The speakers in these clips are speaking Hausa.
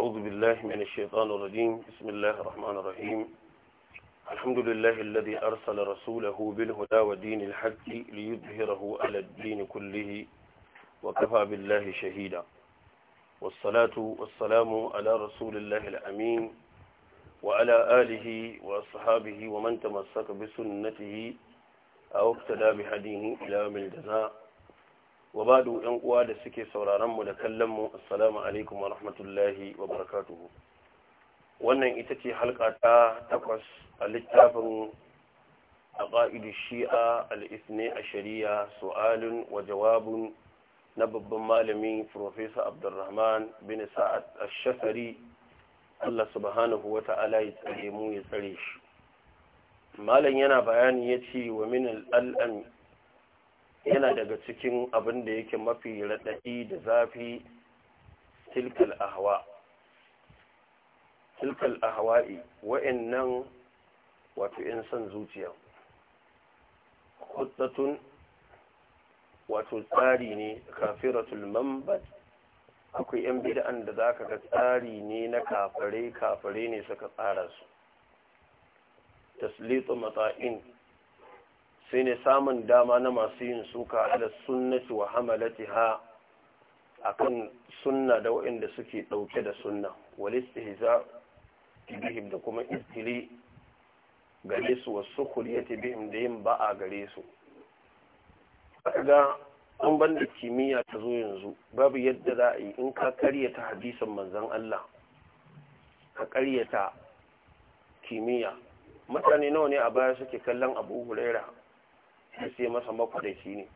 أعوذ بالله من الشيطان الرجيم بسم الله الرحمن الرحيم الحمد لله الذي أرسل رسوله بالهدى ودين الحق ليظهره على الدين كله وكفى بالله شهيدا والصلاة والسلام على رسول الله الأمين وعلى آله وأصحابه ومن تمسك بسنته أو اقتدى بهديه إلى من الجزاء wa badu yan uwa da suke sauraron mu da kallon mu assalamu alaikum wa rahmatullahi wa barakatuhu wannan ita ce halka ta takwas a littafin ƙa'idu shi'a al-ithni ashariya su'alin wa jawabun na babban malami Profesa Abdulrahman bin sa'ad ash-shafari Allah subhanahu wa ta'ala ya tsare mu ya tsare shi malam yana bayani yace wa min al yana daga cikin abin da yake mafi raɗaɗi da zafi tilkal ahwa tilkal ahwa'i wa'annan wato in san zuciya hutsatun wato tsari ne kafiratul mambat akwai yan bid'an da zaka ga tsari ne na kafare kafare ne suka tsara su taslitu mata'in sai ne samun dama na masu yin suka ala sunnati wa a akan sunna da waɗanda suke ɗauke da sunna hiza bihim da kuma istili gare su wasu kuriyati bihim da yin ba'a gare su ga an banda kimiyya ta zo yanzu babu yadda za a yi in ka karyata hadisan manzan Allah ka karyata kimiyya mutane nawa ne a baya suke kallon abu huraira sai sai masa makwadaci ne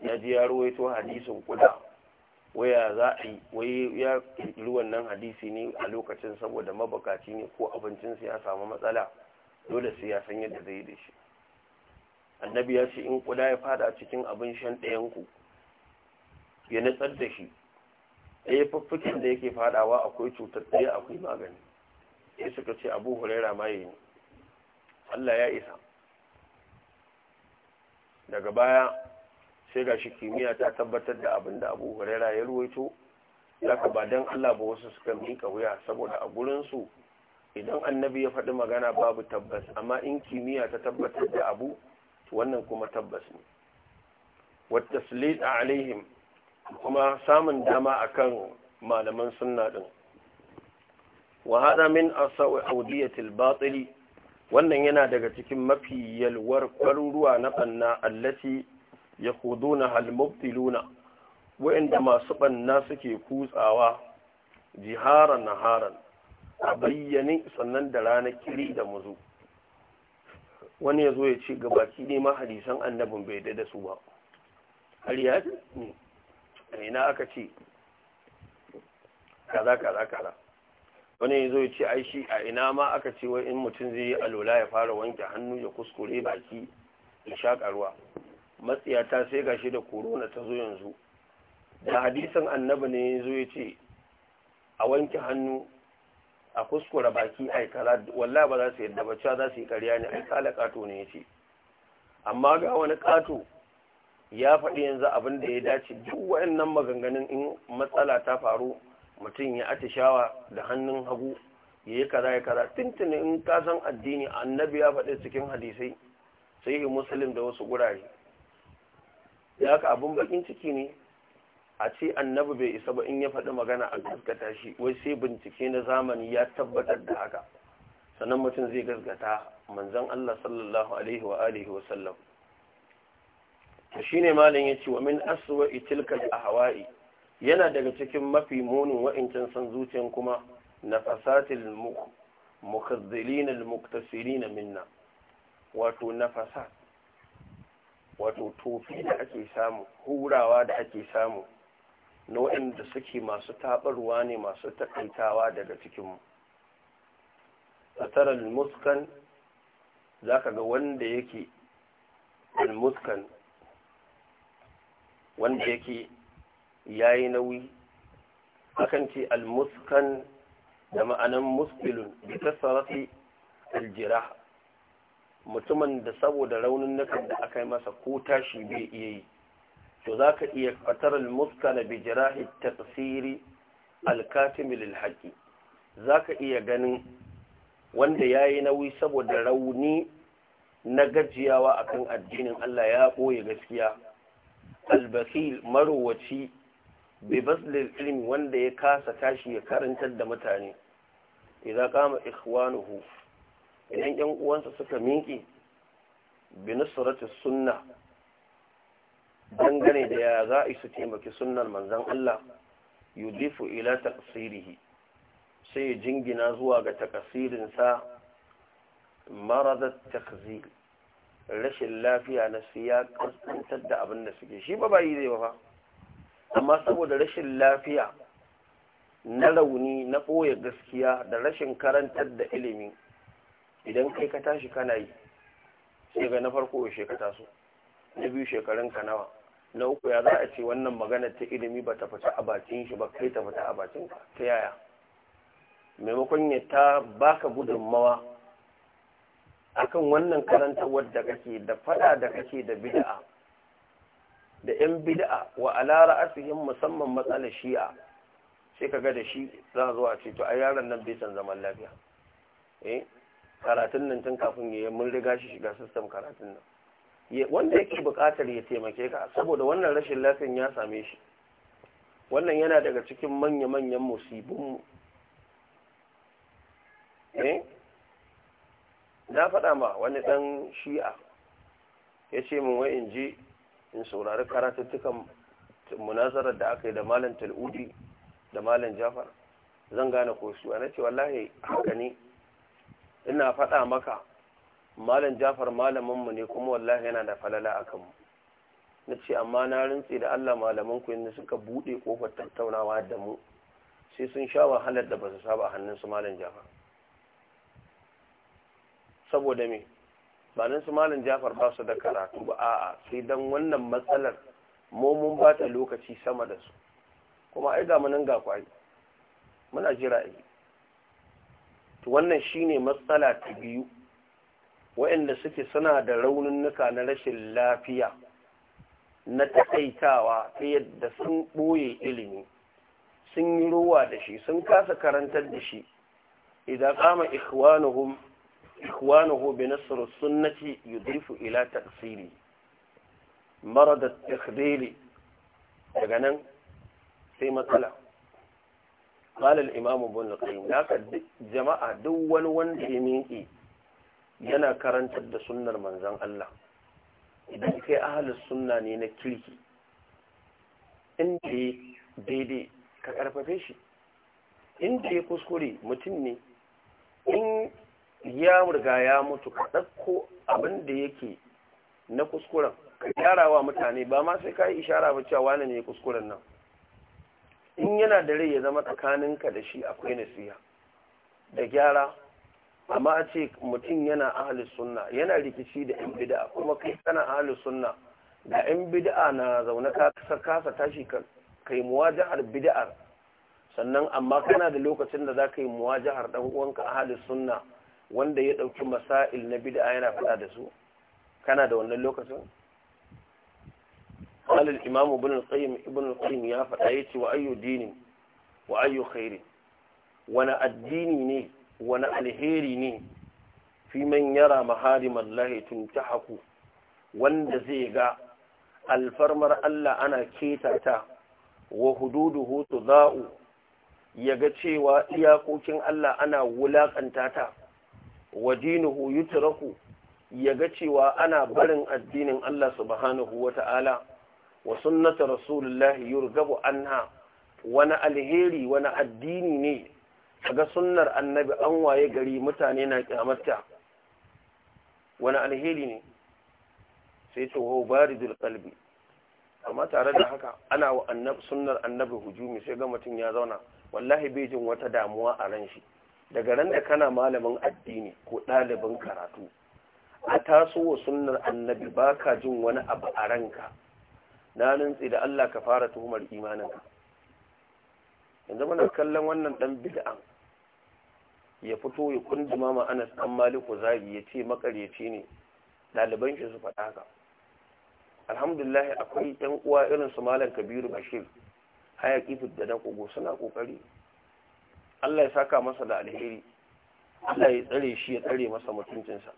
ya ji ya ruwaito hadisin kuda waya za a yi wai ya kirkiri wannan hadisi ne a lokacin saboda mabukaci ne ko abincinsa ya samu matsala dole sai ya san yadda zai da shi annabi ya ce in kuda ya fada cikin abin shan ɗayanku ya nutsar da shi ɗaya fuffukin da yake fadawa akwai cutar ɗaya akwai magani sai suka ce abu huraira ma yi Allah ya isa daga baya sai ga shi kimiyya ta tabbatar da abin da abu hurera ya ruwaito daga ba don allah ba wasu suka miƙa wuya saboda a gurinsu idan annabi ya faɗi magana babu tabbas amma in kimiyya ta tabbatar da abu wannan kuma tabbas ne wata a alaihim kuma samun dama a kan malaman sunna ɗin wa haɗa min a audiyatil batili wannan yana daga cikin mafi yalwar ƙwaruruwa na ɓanna allati ya na halmubtiluna wa'inda masu ɓanna suke kutsawa jiharan naharan a bayyane sannan da ranar kiri da muzu wani ya zo ya ce baki ne ma hadisan annabin bai da su ba har ya ne ina aka ce kaza kaza kaza wani ya zo ya ce ai shi a ina ma aka ce wai in mutum zai yi alola ya fara wanke hannu ya kuskure baki ya shaƙa ruwa ta sai gashi da korona ta zo yanzu da hadisan annabi ne ya zo ya ce a wanke hannu a kuskura baki ai kaza wallahi ba za su yadda ba cewa za su yi karya ne ai kala kato ne ya ce amma ga wani kato ya faɗi yanzu abin da ya dace duk waɗannan maganganun in matsala ta faru mutum ya shawa da hannun hagu ya yi kaza ya kaza tuntuni in ka san addini annabi ya faɗi cikin hadisai sai musulun da wasu gurare ya ka abin bakin ciki ne a ce annabi bai isa ba in ya faɗi magana a gaskata shi wai sai bincike na zamani ya tabbatar da haka sannan mutum zai gaskata manzan Allah sallallahu alaihi wa alihi wa sallam shine malam yace wa min aswa tilka a ahwai yana daga cikin mafi munin waɗancan san zuciyan kuma na fasatil mukazzilin al-muktasirin minna wato nafasa wato tofi da ake samu hurawa da ake samu na waɗanda suke masu tabarwa ne masu takaitawa daga cikinmu mu al-muskan za ka ga wanda yake al wanda yake ya yi nauyi akan ce almuskan da ma'anan muskilun da tasarafi aljira mutumin da saboda raunin nukan da aka yi masa ko tashi bai iya yi to za ka iya fatar almuska na bijirahi tasiri alkatimil alhaki za ka iya ganin wanda ya yi nauyi saboda rauni na gajiyawa akan addinin Allah ya ɓoye gaskiya albasir marowaci bai baslil ilmi wanda ya kasa tashi ya karantar da mutane idan kama ikhwanuhu idan yan uwansa suka minki bi nusrati sunna dangane da ya za a su taimaki sunnar manzon Allah yudifu ila taqsirihi sai jingina zuwa ga takasirin sa maradat taqzir rashin lafiya na siya kasantar da abin da suke shi ba bayi zai ba amma saboda rashin lafiya na rauni na ɓoye gaskiya da rashin karantar da ilimi idan kai ka tashi kana yi sai ga na farko ya shekata su na biyu shekarun ka na uku ya za a ce wannan magana ta ilimi ba ta fita a bakin shi ba kai ta fita a bakin ka ta yaya maimakon ya ta baka gudunmawa akan wannan karantar wadda kake da fada da kake da bid'a da yan bida'a wa alara ra'asihim musamman matsalar shi'a sai kaga da shi za zo a ce a yaron nan bisan zaman lafiya eh karatun nan tun kafin ya mun riga shi shiga system karatun nan wanda yake bukatar ya taimake ka saboda wannan rashin lafiyan ya same shi wannan yana daga cikin manya-manyan musibinmu eh, na faɗa ma wani ɗan shi'a ya ce min wai in ji in saurari karatuttukan munazarar da aka yi da malam tal'udi da malam jafar zan gane ko su a nace wallahi haka ne ina faɗa maka malam jafar malaminmu ne kuma wallahi yana da falala a kanmu na ce amma na rintse da allah malamanku yadda suka buɗe kofar tattaunawa da mu sai sun sha wahalar da ba su saba hannunsu malam jafar saboda me ba nan su malam jafar ba su da karatu ba a a'a sai don wannan matsalar momun ba ta lokaci sama da su kuma ai ga munan ga kwari muna jira yi to wannan shine matsala ta biyu waɗanda suke suna da rauninnuka na rashin lafiya na taƙaitawa ta yadda sun ɓoye ilimi sun yi ruwa da shi sun kasa karantar da shi idan kama ikhwanuhum إخوانه بنصر السنة يضيف إلى تأصيله مرض التخذيل nan sai matsala malar imamu bin lukayin jama'a duk wani wanda ya minki yana karantar da sunnar manzan Allah idan kai ahalar sunna ne na kirki inda ya daidai ka karfafe shi inda ya kuskure mutum ne in ya murga ya mutu ka ɗauko abin da yake na kuskuren ka gyara wa mutane ba ma sai ka yi ishara ba cewa wani ne kuskuren nan in yana da rai ya zama tsakaninka da shi akwai nasiha da gyara amma a ce mutum yana ahalis sunna yana rikici da yan bid'a kuma kai kana ahalis sunna da yan bid'a na zaune ka kasa tashi kai muwajahar bida'ar sannan amma kana da lokacin da za ka yi muwajahar dan uwanka ahalus sunna wanda ya ɗauki masa'il na da yana fada da su kana da wannan lokacin alil imamu ibn al-qayyim ibn ya fada yace wa ayyu dinin wa ayyu khairin wani addini ne wani alheri ne fi man yara tun ta haku wanda zai ga alfarmar Allah ana ketata wa za'u ya ga cewa iyakokin Allah ana wulaƙantata. ta wajinuhu yutraku ya ga cewa ana barin addinin Allah subhanahu wata'ala wa sunnata rasulullahi yurgabu anha wani alheri wani addini ne ga sunnar annabi an waye gari mutane na kyamarta wani alheri ne sai tsoho wa baridul qalbi amma tare da haka ana wa sunnar annabi hujumi sai ga mutum ya zauna wallahi bai jin wata damuwa a ran shi daga ran da kana malamin addini ko ɗalibin karatu a taso wa sunnar annabi ba ka jin wani abu a ranka na nutse da Allah ka fara tuhumar imaninka yanzu muna kallon wannan dan bid'an ya fito ya kunduma ma Anas dan Maliku zagi ya ce makaryaci ne ɗaliban shi su faɗa haka alhamdulillah akwai ɗan uwa irin su malam Kabiru Bashir hayaki da na kogo suna ƙoƙari. Allah ya saka masa da alheri Allah ya tsare shi ya tsare masa mutuncinsa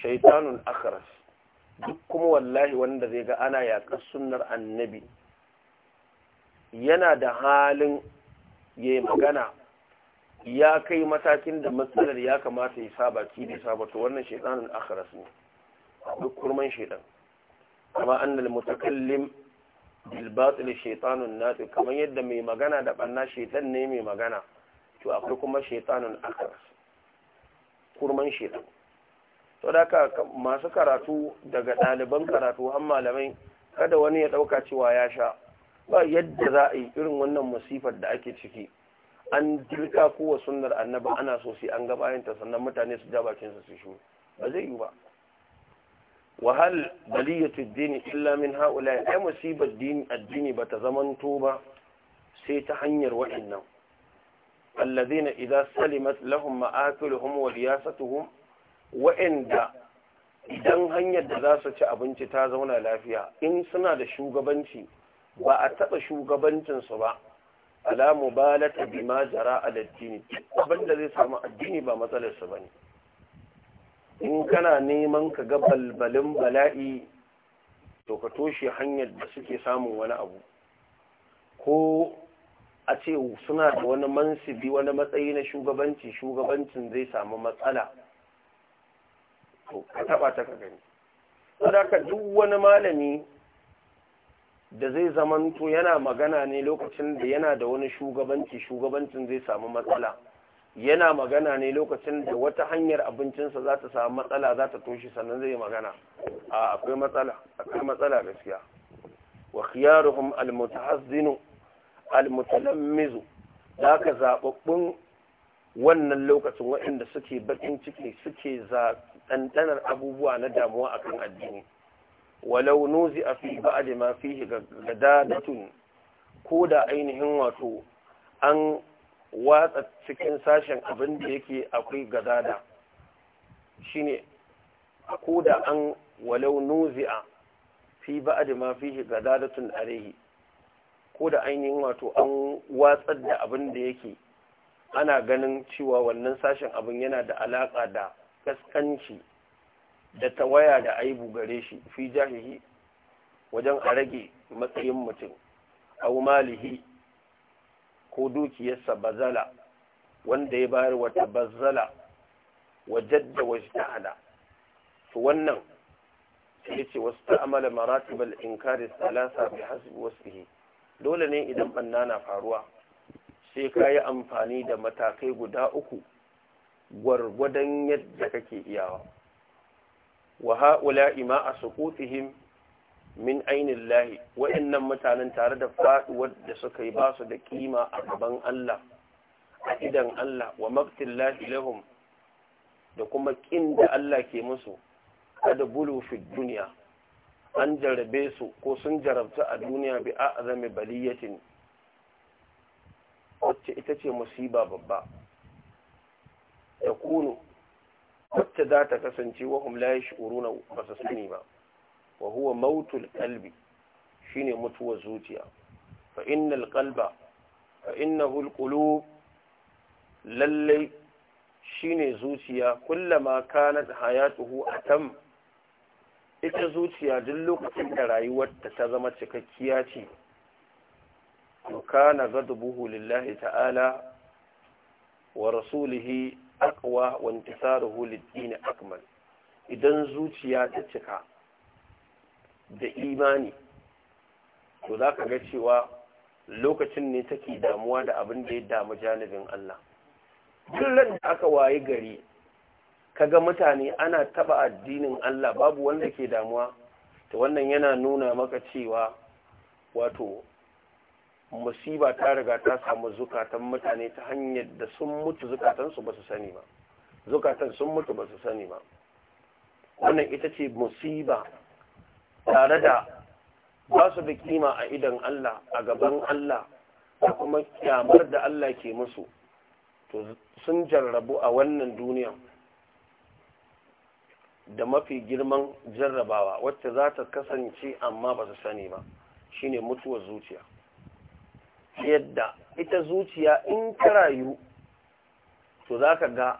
shaitanun akaras. duk kuma wallahi wanda zai ga ana yaƙar sunnar annabi yana da halin ya magana ya kai matakin da matsalar ya kamata ya saba ki da saba to wannan shaitanun akaras ne duk kurman shaitan kama annal mutakallim bilbatul shaitanun natu kamar yadda mai magana da banna shaitan ne mai magana to akwai kuma shaitanun akar kurman shaitan to da ka masu karatu daga ɗaliban karatu har malamai kada wani ya ɗauka cewa ya sha ba yadda za a yi irin wannan masifar da ake ciki an dirka kowa sunnar annaba ana so sai an gabayanta sannan mutane su ja bakinsa su shi ba zai yi ba wahal baliyatu dini illa min haula ai musibar dini addini bata zamanto ba sai ta hanyar waɗannan alladhina idza salimat lahum ma'akuluhum wa riyasatuhum wa'inda idan hanyar da za su ci abinci ta zauna lafiya in suna da shugabanci ba a taɓa shugabancinsu ba ala mubalata bima jara al-addini abinda zai samu addini ba matsalarsu bane in kana neman ka ga balbalin bala'i to ka toshe hanyar da suke samun wani abu ko a ce suna da wani mansibi wani matsayi na shugabanci shugabancin zai samu matsala to ka taba ta ka gani saboda duk wani malami da zai zamanto yana magana ne lokacin da yana da wani shugabanci shugabancin zai samu matsala yana magana ne lokacin da wata hanyar abincinsa za ta samu matsala za ta toshe sannan zai magana a akwai matsala akwai matsala gaskiya wa khiyaruhum almutahazzinu almutalammizu da zababbun wannan lokacin waɗanda suke bakin ciki suke za dandanar abubuwa na damuwa akan addini walau nuzi a fi ba'ad ma fihi gadadatun ko da ainihin wato an watsa cikin sashen abin da yake akwai gazada shine ko da an walau nuzi'a fi ba'd ma fihi gazadatun arehi ko da ainihin wato an watsar da abin da yake ana ganin cewa wannan sashen abin yana da alaka da kaskanci da ta waya da aibu gare shi fi jahihi wajen a rage matsayin mutum a malihi ko dukiyarsa bazala wanda ya bayar wata bazala wa wajadda ta'ala to wannan sai ce wasu ta'amala maratibal inkari salasa bi hasbi wasfihi dole ne idan banna na faruwa sai ka yi amfani da matakai guda uku gwargwadon yadda kake iyawa wa ha'ula ima a sukutihim min ainihin lahi waɗannan mutanen tare da faɗuwar da suka yi ba su da kima a gaban Allah a idan Allah wa maktin lahi lahum da kuma ƙin da Allah ke musu kada bulu fi duniya an jarabe su ko sun jarabta a duniya bi a zame baliyatin wacce ita ce musiba babba ya kunu wacce za ta kasance wahum la ya shi ba su sani ba wa huwa mautul qalbi shine mutuwar zuciya fa innal qalba fa lallai shine zuciya kullama kanat hayatuhu tam. ita zuciya duk lokacin da rayuwarta ta zama cikakkiya ce to kana ghadabuhu lillahi ta'ala wa rasulihi aqwa wa intisaruhu lid akmal idan zuciya ta cika da imani to za ka ga cewa lokacin ne take damuwa da abin da ya damu janibin Allah kullum da aka waye gari kaga mutane ana taba addinin Allah babu wanda ke damuwa to wannan yana nuna maka cewa wato musiba ta riga ta samu zukatan mutane ta hanyar da sun mutu zukatansu ba su sani ba zukatan sun mutu ba su sani ba wannan ita ce musiba tare da ba su da kima a idan Allah a gaban Allah da kuma kyamar da Allah ke musu to sun jarrabu a wannan duniya da mafi girman jarrabawa wacce za ta kasance amma ba su sani ba shine mutuwar zuciya yadda ita zuciya in ka rayu to za ka ga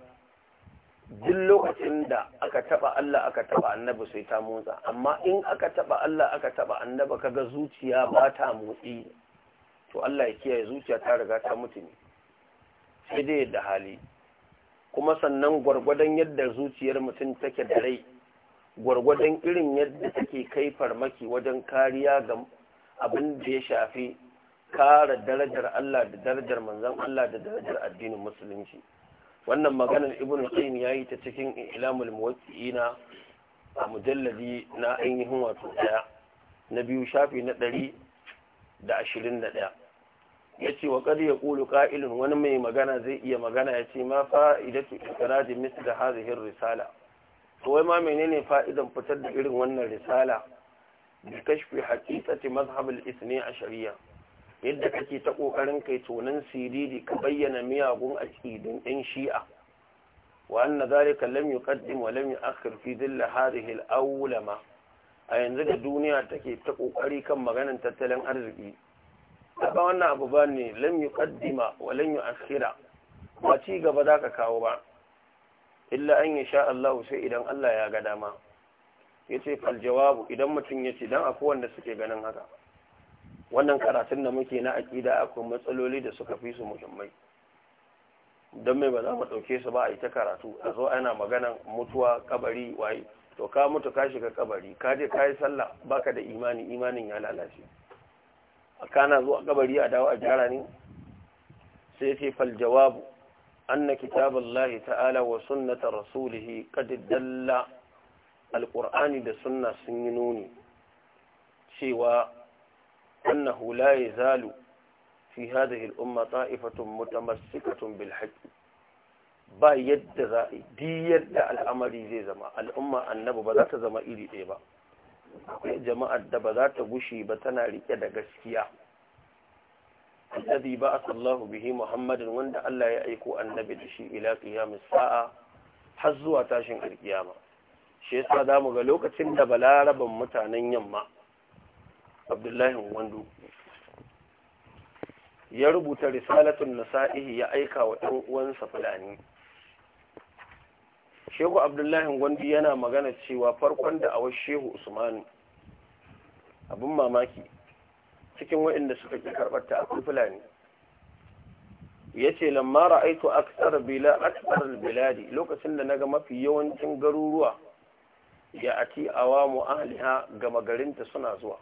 duk lokacin da aka taba Allah aka taba annabi sai ta motsa amma in aka taba Allah aka taba annabi kaga zuciya ba ta motsi to Allah ya kiyaye zuciya ta riga ta mutu ne sai dai da hali kuma sannan gwargwadon yadda zuciyar mutum take da rai gwargwadon irin yadda take kai farmaki wajen kariya ga abin da ya shafi kare darajar Allah da darajar manzon Allah da darajar addinin musulunci wannan maganar ibn al-qayyim yayi ta cikin ilamul muwaqqi'ina a mujalladi na ainihin wato daya na biyu shafi na ɗari da ashirin da ɗaya ya ce wa ƙari ya ƙulu ƙa'ilin wani mai magana zai iya magana ya ce ma fa'idatu ikiradin misu da hazihin risala wai ma menene fa'idan fitar da irin wannan risala da kashfi hakikati mazhabul isne a shari'a yadda kake ta ƙoƙarin kai tonan siriri ka bayyana miyagun aƙidun ɗin shi'a wa anna zalika lam yuqaddim wa lam yu'akhir fi dhill hadhihi al-awlama a yanzu da duniya take ta ƙoƙari kan maganar tattalin arziki ba wannan abu ba ne lam yuqaddima wa lam yu'akhira ba ci gaba za ka kawo ba illa an yasha Allah sai idan Allah ya ga dama yace fal jawabu idan mutum yace dan akwai wanda suke ganin haka wannan karatun da muke na aƙida akwai matsaloli da suka fi su muhimmai don mai ba za mu ɗauke su ba a yi ta karatu a zo ana maganan mutuwa kabari waye to ka mutu ka shiga kabari ka je ka yi sallah baka da imani imanin ya lalace kana zuwa kabari a dawo a gyara ne sai ce fal jawabu anna kitaballahi ta'ala wa sunnata rasulihi qad dalla alqur'ani da sunna sun yi nuni cewa أنه لا يزال في هذه الأمة طائفة متمسكة بالحج ba yadda za a yi yadda al'amari zai zama al'umma annabi ba za ta zama iri ɗaya ba akwai jama'ar da ba za ta gushe ba tana riƙe da gaskiya alladhi ba sallahu bihi muhammadin wanda Allah ya aiko annabi da shi ila qiyamis sa'a har zuwa tashin alkiyama shi yasa zamu ga lokacin da balaraban mutanen yamma abdullahi wando ya rubuta risalatun nasa'ihi ya aika wa ɗan uwansa fulani shehu abdullahi wando yana magana cewa farkon da awar shehu usmanu abin mamaki cikin waɗanda suka ƙi karɓar ta akwai fulani ya ce lamma ra'aitu aksar bila aksar biladi lokacin da na ga mafi yawancin garuruwa ya ati awamu ahliha gama garinta suna zuwa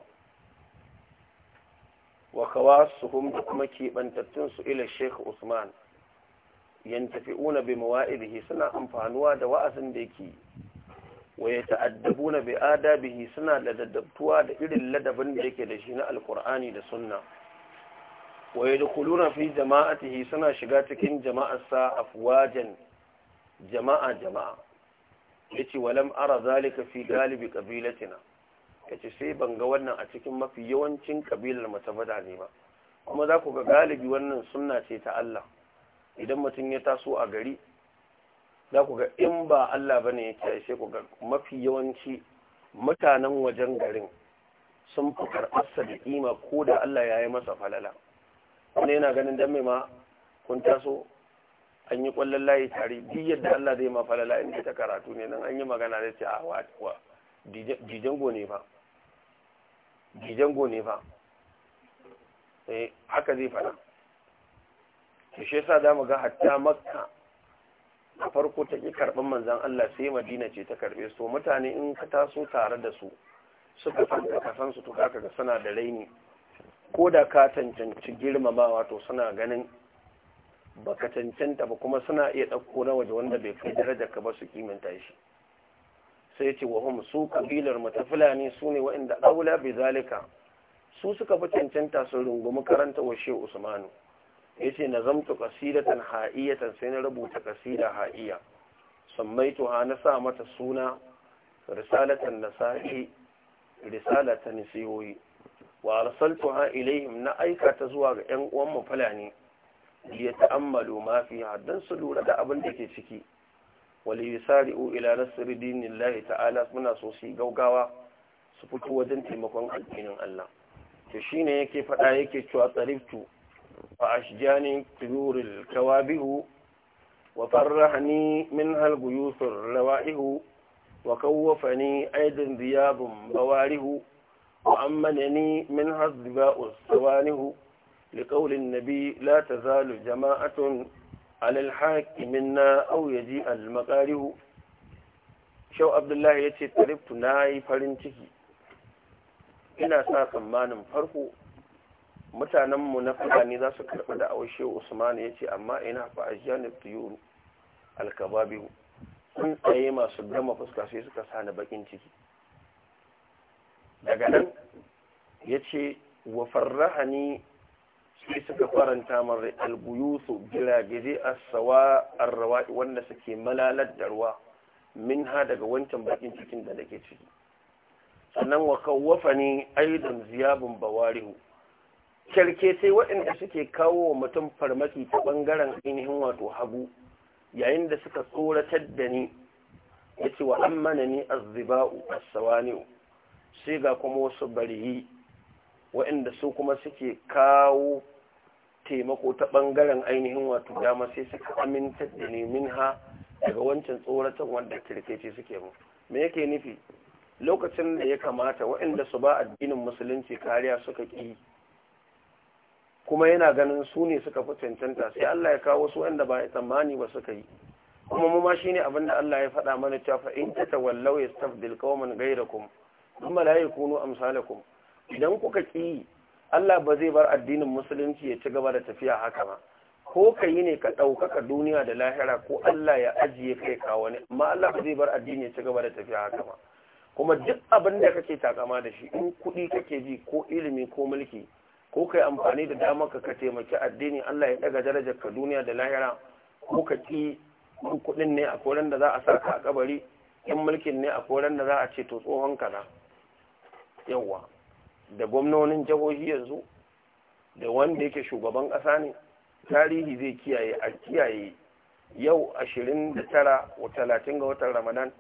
wa kawasuhum da kuma keɓantattun su ila Sheikh Usman yantafi'una bi mawa'idihi suna amfanuwa da wa'azin da yake wa yata'addabuna bi adabihi suna daddabtuwa da irin ladabin da yake da shi na alkur'ani da sunna wa yadkhuluna fi jama'atihi suna shiga cikin jama'arsa afwajan jama'a jama'a yace walam ara zalika fi galibi qabilatina ta ce sai ban ga wannan a cikin mafi yawancin kabilar matabada ne ba kuma za ku ga galibi wannan sunna ce ta Allah idan mutum ya taso a gari za ku ga in ba Allah ba ne ya ce sai ku ga mafi yawanci mutanen wajen garin sun fi karɓarsa da ko da Allah ya yi masa falala wani yana ganin dan mai ma kun taso an yi kwallon layi tare duk da Allah zai ma falala in ta karatu ne nan an yi magana da ce a ah, wa dijango ne ba gijango ne ba sai eh, haka zai fada to shi yasa zamu ga hatta makka a farko ta ki karban manzon Allah sai Madina ce ta karbe su mutane in ka taso tare da su suka fanta kasan su to ga suna da raini ko da ka cancanci girmamawa to suna ganin baka cancanta ba kuma suna iya ɗauko na waje wanda bai kai daraja ka ba su kimanta shi sai ce wa su kabilar mata fulani su ne wa'inda aula bi zalika su suka fi cancanta su rungumi karanta wa shehu usmanu ya ce na zamtu kasidatan ha'iyatan sai na rubuta kasida ha'iya sammaitu ha na sa mata suna risalatan sa'i risalatan nasihohi wa arsaltu ha ilaihim na aika ta zuwa ga yan uwan mu fulani ya ta'ammalu ma haddan su lura da abin da ke ciki wali u ila nasri dinillahi ta'ala suna so su gaugawa su fito wajen taimakon addinin Allah to shine yake fada yake cewa tsariftu wa ashjani tuyuril kawabihu wa farrahani min hal guyusur rawaihu wa kawwafani aidan diyabun bawarihu wa ammanani minha tsawanihu. sawanihu لقول النبي لا تزال jama'atun على الحاكم منا أو يجيء المقاره شو عبد الله na yi farin ciki ina sa tsammanin farko mutanenmu na fulani za su karɓi da aushi usman ya ce amma ina fa ajiyanin tuyuru alkababihu sun tsaye masu gama fuska sai suka sani bakin ciki daga nan ya ce wa sai suka faranta min albuyusu giragije a sawa ar wanda suke malalar da ruwa ha daga wancan bakin cikin da nake ciki sannan wa kawwafani aidan ziyabun bawarihu kyarke sai waɗanda suke kawo wa mutum farmaki ta ɓangaren ainihin wato hagu yayin da suka tsoratar da ni ya ce wa an mana ni azziba'u as-sawani'u sai ga kuma wasu barihi waɗanda su kuma suke kawo taimako ta bangaren ainihin wato dama sai suka aminta da ne minha daga wancan tsoratan wanda kirkeci suke mu me yake nufi lokacin da ya kamata waɗanda su ba addinin musulunci kariya suka ƙi kuma yana ganin su ne suka fi cancanta sai Allah ya kawo su waɗanda ba ya tsammani ba suka yi kuma mu ma shine abin da Allah ya faɗa mana cewa fa in tatawallaw yastabdil qauman ghayrakum thumma la yakunu amsalakum idan kuka ƙi Allah ba zai bar addinin musulunci ya ci gaba da tafiya haka ba ko ka yi ne ka ɗaukaka duniya da lahira ko Allah ya ajiye kai ka wani amma Allah ba zai bar addini ya ci gaba da tafiya haka ba kuma duk abin da kake takama da shi in kuɗi kake ji ko ilimi ko mulki ko kai amfani da damar ka ka taimaki addini Allah ya ɗaga darajar ka duniya da lahira ko ka ƙi kuɗin ne a koren da za a sa ka a kabari in mulkin ne a koren da za a ce to tsohon kaza yawwa da gwamnonin jihohi yanzu da wanda yake shugaban ƙasa ne tarihi zai kiyaye a kiyaye yau ashirin da wa talatin ga watan ramadan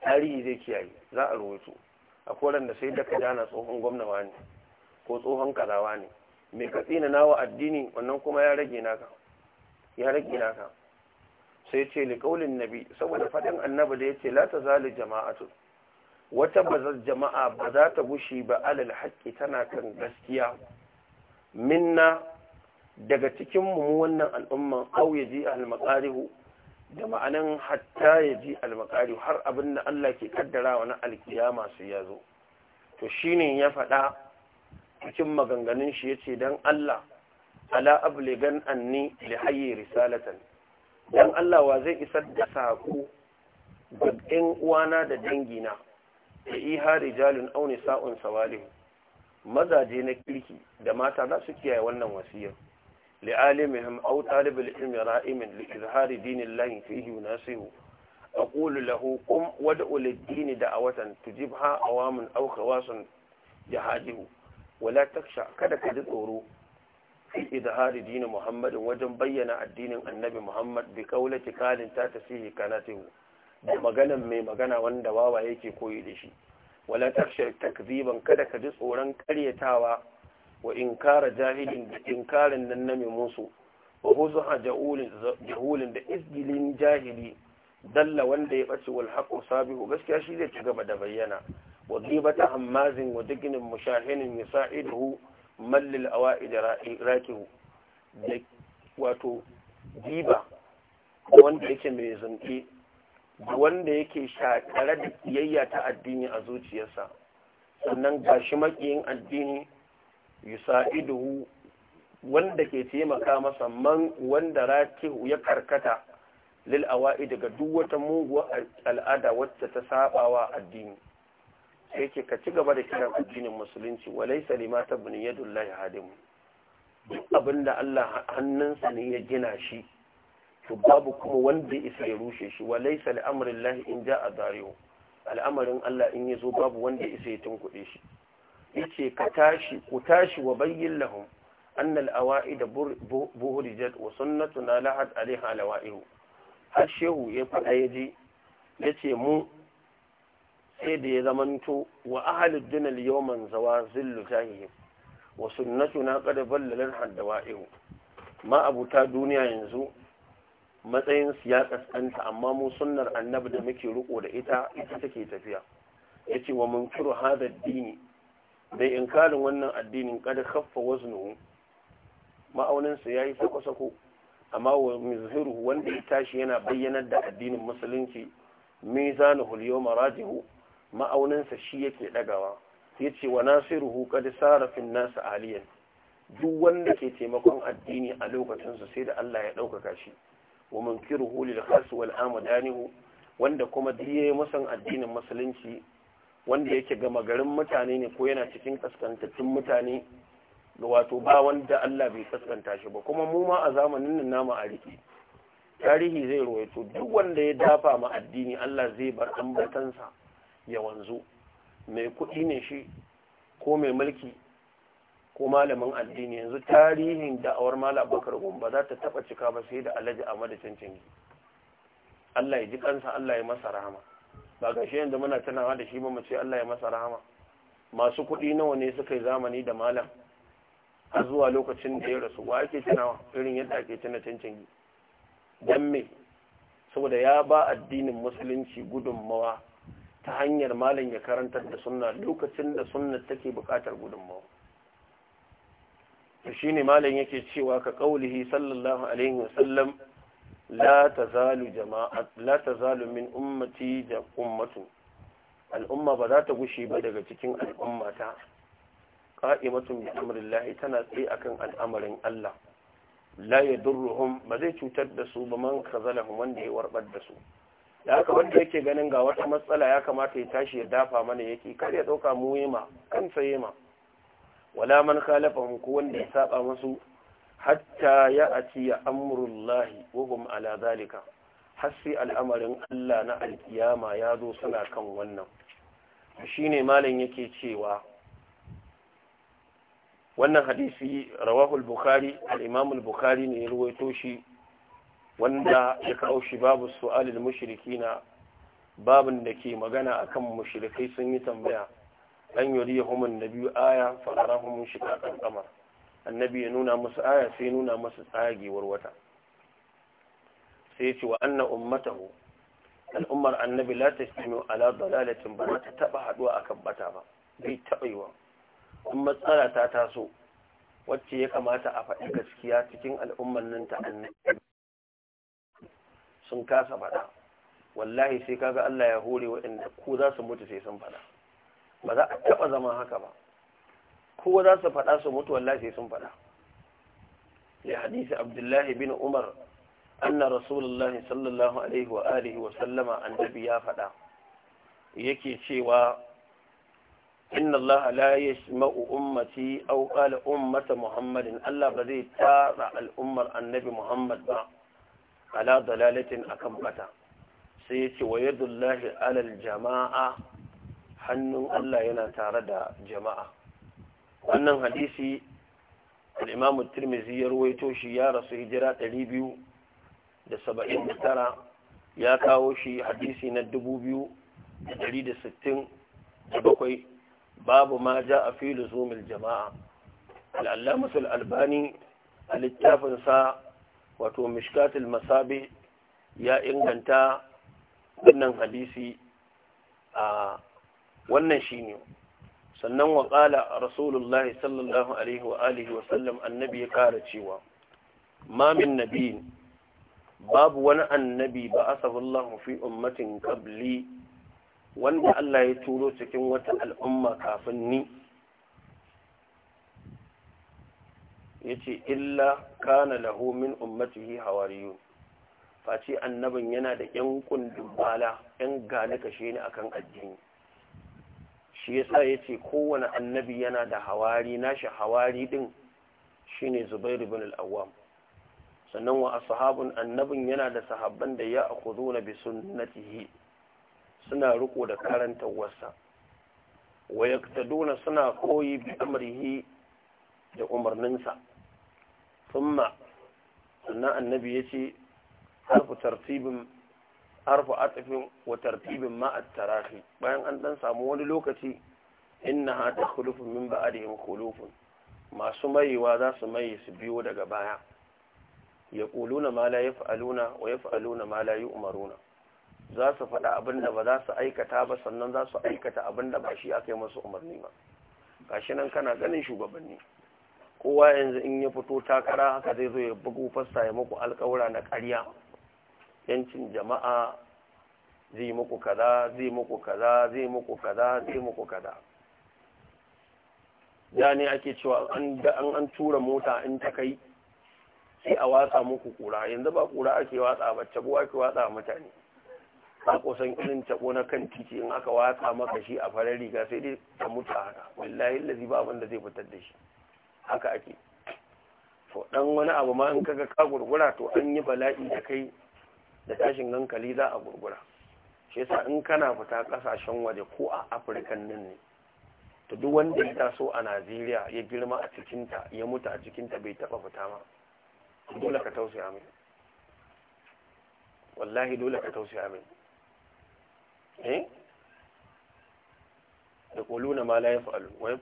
tarihi zai kiyaye za a rohoto a koren da sai da ka tsohon gwamnawa ne ko tsohon kazawa ne mai katsina nawa addini wannan kuma ya rage naka ya rage naka sai ce li kaulin nabi saboda faɗin annabi da ya ce la ta zali jama'atu wata bazar jama'a ba za ta gushi ba alal haƙƙi tana kan gaskiya minna daga cikin mu wannan al'umman au yaji al-maqarihu da ma'anan hatta yaji al-maqarihu har abin da Allah ke kaddarawa na alkiyama su yazo to shine ya faɗa cikin maganganun shi yace dan Allah ala abligan anni li hayyi risalatan dan Allah wa zai isar da sako ga ɗan uwana da dangina da iha rijalun aw nisa'un sawalihu mazaje na kirki da mata za su kiyaye wannan wasiyar li alimihim aw talibul ilmi ra'imin li izhari dinillahi fihi nasihu aqulu lahu qum wad'u lid-din da'watan tujibha awamun aw khawasun jahadihu wala taksha kada ka ji tsoro fi izhari dini muhammadin wajen bayyana addinin annabi muhammad bi qawlati kalin ta tasihi kanatihi da maganan mai magana wanda wawa yake koyi da shi wala tafshir takziban kada ka ji tsoron karyatawa wa inkara jahilin da inkarin nan na musu wa ha jahulin da isgilin jahili dalla wanda ya ɓace wal haƙo sabihu gaskiya shi zai ci gaba da bayyana wa ta hammazin wa diginin mushahinin ya mallil awa'id rakihu wato giba wanda yake mai zunki da wanda yake shakarar da kiyayya ta addini a zuciyarsa sannan ga shi makiyin addini yusa'iduhu wanda ke taimaka masa man wanda rakihu ya karkata lil awa'i daga duk wata muguwar al'ada wacce ta sabawa addini sai ce ka ci gaba da kiran addinin musulunci walaysa limata bin yadullahi hadimu duk abinda Allah hannunsa ne ya gina shi to babu kuma wanda isa ya rushe shi wa laysa al'amrin lahi in ja'a dariyo al'amarin Allah in yazo babu wanda isa ya tunkuɗe shi yace ka tashi ku tashi wa bayyin lahum anna al'awa'id buhrijat wa sunnatuna lahat alaiha alawa'ihu har shehu ya faɗa ya yace mu sai da ya zamanto wa ahalud dinal yawman zawa zillu zahihim wa sunnatuna qad ballalan hadawa'ihu ma abuta duniya yanzu matsayin ya kaskanta amma mu sunnar annabi da muke riko da ita ita take tafiya yace wa mun kuru hada dini da inkarin wannan addinin kada khaffa waznuhu ma'aunin sa yayi sako sako amma wa mizhiru wanda ya tashi yana bayyanar da addinin musulunci mizanuhu al-yawma rajihu ma'aunin sa shi yake dagawa yace wa nasiruhu qad sara fi nas aliyan duk wanda ke taimakon addini a lokacin sa sai da Allah ya dauka shi wa munkiruhu lil khas wal amdanihu wanda kuma diye musan addinin musulunci wanda yake gama garin mutane ne ko yana cikin kaskantattun mutane ga wato ba wanda Allah bai kaskanta shi ba kuma mu ma a zamanin nan namu a rike tarihi zai ruwaito duk wanda ya dafa ma addini Allah zai bar ambatansa ya wanzu mai kuɗi ne shi ko mai mulki ko malamin addini yanzu tarihin da'awar malam bakar ba za ta taba cika ba sai da alhaji amadu cancanci Allah ya ji kansa Allah ya masa rahama ba ga shi yanzu muna tunawa da shi ba mu ce Allah ya masa rahama masu kuɗi nawa ne suka yi zamani da malam a zuwa lokacin da ya rasu wa ake tunawa irin yadda ake tuna cancanci dan me saboda ya ba addinin musulunci gudunmawa ta hanyar malam ya karantar da sunna lokacin da sunna take bukatar gudunmawa to shine malam yake cewa ka kaulihi sallallahu alaihi wasallam la tazalu la tazalu min ummati da ummatu al'umma ba za ta gushe ba daga cikin al'ummata qa'imatun bi amrillahi tana tsaye akan al'amarin Allah la yadurruhum ba zai cutar da su ba man kazalahum wanda ya warbar da su da haka wanda yake ganin ga wata matsala ya kamata ya tashi ya dafa mana yake kar ya ɗauka mu kan kansa yema wala man khalafahum ko wanda ya saba musu hatta ya ati amrullahi wa hum ala zalika har sai al'amarin Allah na alkiyama ya zo suna kan wannan shine malam yake cewa wannan hadisi rawahul bukhari al-imam al-bukhari ne ya ruwaito shi wanda ya kawo shi babu su'alil mushrikina babin da ke magana akan mushrikai sun yi tambaya an yuri ya homin na biyu aya fara homin shi kakan kamar annabi ya nuna musu aya sai nuna musu tsagewar wata sai ce wa anna ummatahu al'ummar annabi la ta ala dalalatin ba ta taba haduwa akan bata ba bai taba wa in matsala ta taso wacce ya kamata a faɗi gaskiya cikin al'ummar nan ta annabi sun kasa faɗa wallahi sai kaga Allah ya hore waɗanda ko za su mutu sai sun faɗa ba za a taɓa zama haka ba kowa za su faɗa su mutu wallahi sun faɗa ya hadisi abdullahi bin umar anna rasulullahi sallallahu alaihi wa alihi wa sallama annabi ya faɗa yake cewa inna allaha la yasma'u ummati aw qala ummata muhammadin allah ba zai tara al'ummar annabi muhammad ba ala dalalatin akan bata sai ya ce wa yadullahi alal jama'a hannun Allah yana tare da jama'a wannan hadisi al turmizi ya ruwaito shi ya rasu hijira 279 ya kawo shi hadisi na bakwai babu ma ja a fi zumul jama'a musul albani a littafinsa wato mishkatul masabi ya inganta wannan hadisi a wannan shine sannan wa qala sallallahu alaihi wa alihi wa annabi ya kara cewa Mamin min nabiyin babu wani annabi ba asabullahu fi ummatin qabli wanda Allah ya turo cikin wata al'umma kafin ni yace illa kana lahu min ummatihi hawariyu face annabin yana da yan kundin bala yan gane kashe ne akan addini shi yasa yace kowane annabi yana da hawari nashi hawari din shine zubairu bin awwam sannan wa ashabun annabin yana da sahabban da ya akuzo bi sunnatihi suna riko da karanta wasa wa yaktaduna suna koyi bi amrihi da umarninsa thumma sannan annabi yace harfu tartibin Har atfin wa tartibin ma a tarahi bayan an dan samu wani lokaci innaha takhlufu min yin khulufun masu mayewa za su maye su biyo daga baya Ya mala ya la yaf'aluna wa ya yaf'aluna ma la yu'maruna za su faɗa abinda ba za su aikata ba sannan za su aikata abinda ba shi aka yi masu umarni ba gashi nan kana ganin shugabanni kowa yanzu in ya fito takara haka zai zo ya bugu fassa ya muku alƙawura na ƙarya yancin jama'a zai muku kaza zai muku kaza zai muku kaza zai muku kaza da ne ake cewa an an tura mota in ta kai sai a watsa muku kura yanzu ba kura ake watsa ba buwa ake watsa mutane A kusan irin tabo na kan titi in aka watsa maka shi a farar riga sai dai ta mutu haka wallahi lazi ba abin da zai fitar da shi haka ake to dan wani abu ma in kaga ka gurgura to an yi bala'i da kai da tashin hankali za a gurgura shi yasa in kana fita kasashen waje ko a afirkan nan ne to duk wanda ya taso a najeriya ya girma a cikinta ya mutu a cikinta bai taba fita ma dole ka tausaya mai wallahi dole ka tausaya mai eh da na ma la fa'alu wai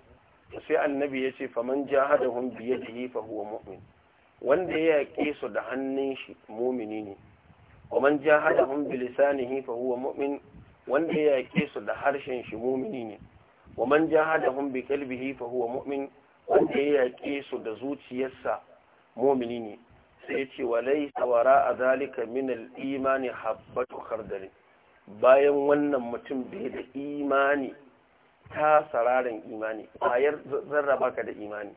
sai annabi yace faman jahadahum bi yadihi fa huwa mu'min wanda ya yake su da hannun shi mu'mini ne ومن جاهدهم بلسانه فهو مؤمن wanda ya yake su da harshen shi mumini ne wa man jahadahum bi qalbihi fa huwa mu'min wanda ya yake su da zuciyarsa mumini ne sai ya ce walai sawara a zalika min al-imani habbatu khardal bayan wannan mutum bai da imani ta sararin imani ayar zarraba ka da imani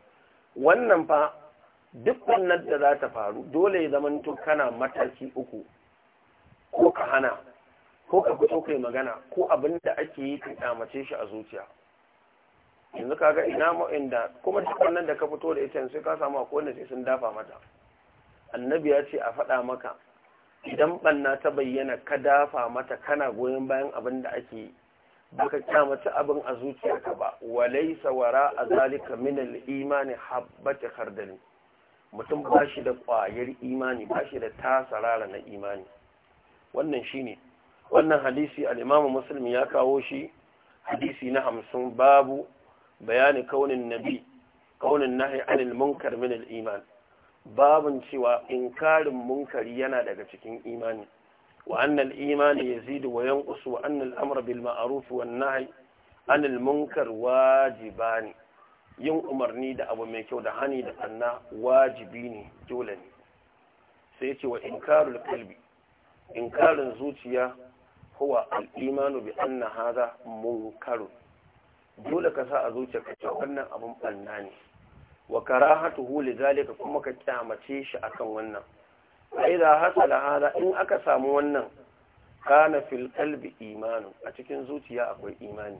wannan fa duk wannan da za ta faru dole ya zamanto kana mataki uku ko ka hana ko ka fito kai magana ko abin da ake yi ka kyamace shi a zuciya yanzu kaga ina inda kuma cikin nan da ka fito da ita sai ka samu akwai wanda sai sun dafa mata annabi ya ce a faɗa maka idan banna ta bayyana ka dafa mata kana goyon bayan abin da ake yi baka kyamaci abin a zuciya ka ba walaisa wara a zalika min al-imani habbata kardali mutum ba shi da kwayar imani ba shi da tasarara na imani wannan shine wannan hadisi al-imamu muslim ya kawo shi hadisi na hamsin babu bayani kaunin nabi kaunin nahi anil munkar min al-iman babun cewa inkarin munkari yana daga cikin imani wa annal imani yazidu wa yanqusu wa annal amra bil ma'ruf wan nahi anil munkar wajibani yin umarni da abu mai kyau da hani da sanna wajibi ne dole ne sai ce wa inkarul kalbi inkarin zuciya huwa al'imanu bi anna hadha munkarun dole ka sa a zuciyarka cewa wannan abun banna ne wa karahatuhu lidhalika kuma ka kyamace shi akan wannan idza hasala hada in aka samu wannan kana fil qalbi imanu a cikin zuciya akwai imani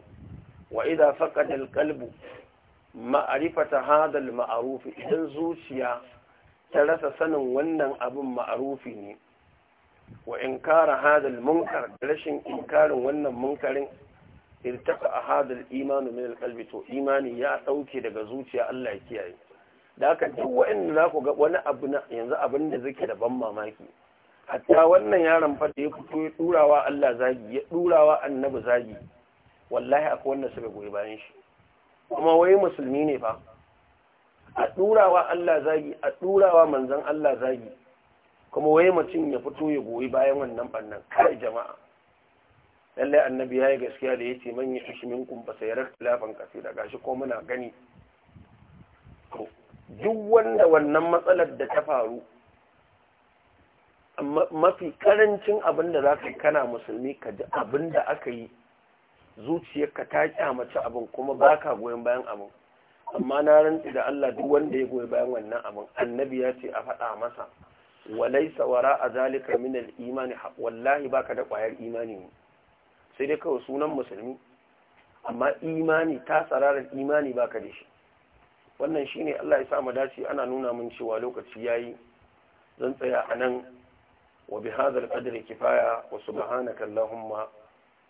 wa idza faqada al qalbu ma'rifata hada al ma'ruf idan zuciya ta rasa sanin wannan abin ma'rufi ne wa inkara hadal munkar da rashin inkarin wannan munkarin irtaka a hadal imanu min alqalbi to imani ya dauke daga zuciya Allah ya kiyaye da haka duk wa'anda za ku ga wani abu na yanzu abin da zake da ban mamaki hatta wannan yaron fa da ya fito ya durawa Allah zagi ya durawa annabi zagi wallahi akwai wanda suka goyi bayan shi kuma wai musulmi ne fa a durawa Allah zagi a durawa manzon Allah zagi kuma wai mutum ya fito ya goyi bayan wannan bannan kai jama'a lallai annabi ya yi gaskiya da ya ce man ya ishi minkum ba sai kasi da gashi ko muna gani duk wanda wannan matsalar da ta faru mafi karancin abin da za ka yi kana musulmi ka ji abin da aka yi zuciyarka ta kyamaci abin kuma baka ka goyon bayan abin amma na rantsi da Allah duk wanda ya goyi bayan wannan abin annabi ya ce a faɗa masa walaisa wara a zalika min imani wallahi baka da kwayar imani sai dai kawai sunan musulmi amma imani ta tsararar imani baka da shi wannan shine Allah ya sa mu dace ana nuna mun cewa lokaci yayi zan tsaya nan wa bi hadhal kifaya wa subhanaka allahumma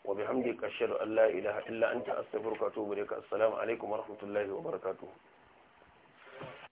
wa bihamdika ashhadu an la ilaha illa anta astaghfiruka wa atubu ilaik assalamu alaikum wa rahmatullahi wa barakatuh